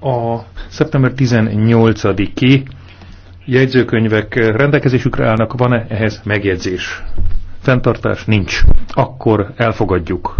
a szeptember 18-i jegyzőkönyvek rendelkezésükre állnak, van-e ehhez megjegyzés? Fentartás nincs. Akkor elfogadjuk.